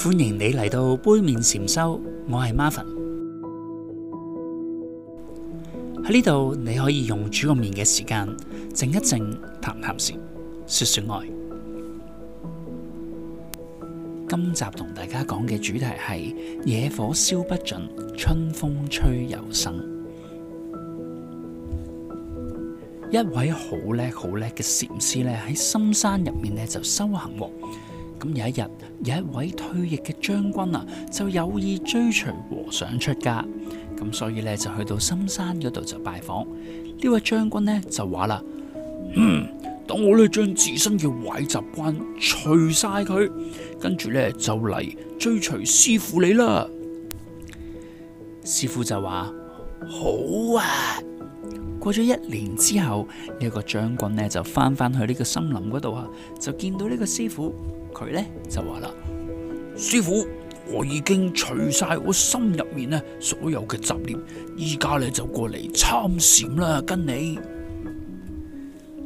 歡迎你嚟到杯麵禪修，我係 Marvin。喺呢度你可以用煮個麵嘅時間靜一靜，談談禪，說說愛。今集同大家講嘅主題係野火燒不盡，春風吹又生。一位好叻好叻嘅禪師呢，喺深山入面呢就修行。咁有一日，有一位退役嘅將軍啊，就有意追隨和尚出家。咁所以呢，就去到深山嗰度就拜訪呢位將軍呢，就話啦：等、嗯、我呢將自身嘅壞習慣除晒佢，跟住呢，就嚟追隨師傅你啦。師傅就話：好啊。過咗一年之後，呢個將軍呢，就翻返去呢個森林嗰度啊，就見到呢個師傅，佢呢就話啦：師傅，我已經除晒我心入面呢所有嘅雜念，依家咧就過嚟參禪啦，跟你。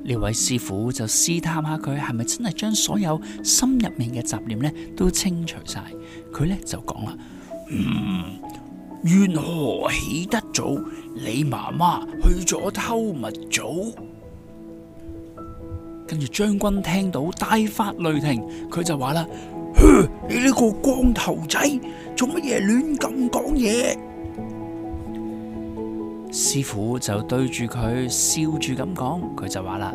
呢位師傅就試探下佢係咪真係將所有心入面嘅雜念呢都清除晒，佢呢就講啦。嗯緣何起得早？你媽媽去咗偷物早，跟住將軍聽到大發雷霆，佢就話啦：你呢個光頭仔做乜嘢亂咁講嘢？師傅就對住佢笑住咁講，佢就話啦：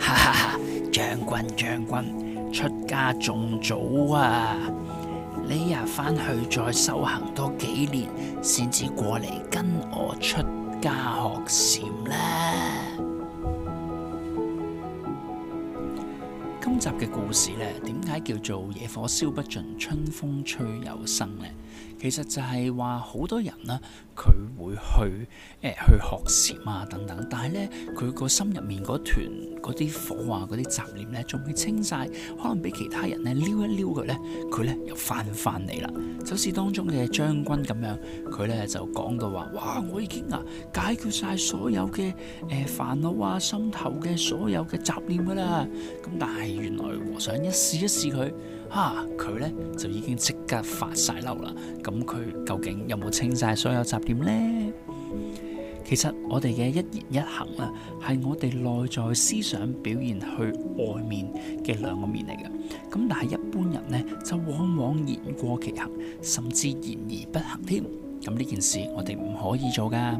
哈哈，將軍將軍，出家仲早啊！你呀，返去再修行多幾年，先至過嚟跟我出家學禪啦。今集嘅故事呢，點解叫做野火燒不盡，春風吹又生呢？其實就係話好多人呢、啊，佢會去誒、呃、去學禪啊等等，但係呢，佢個心入面嗰團嗰啲火啊，嗰啲雜念呢，仲未清晒，可能俾其他人呢撩一撩佢呢，佢呢又翻翻嚟啦。就好似當中嘅將軍咁樣，佢呢就講到話，哇，我已經啊解決晒所有嘅誒、呃、煩惱啊，心頭嘅所有嘅雜念噶啦。咁但係原來和尚一試一試佢。啊！佢呢，就已經即刻發晒嬲啦！咁佢究竟有冇清晒所有雜念呢？其實我哋嘅一言一行啊，係我哋內在思想表現去外面嘅兩個面嚟嘅。咁但係一般人呢，就往往言過其行，甚至言而不行添。咁呢件事我哋唔可以做㗎。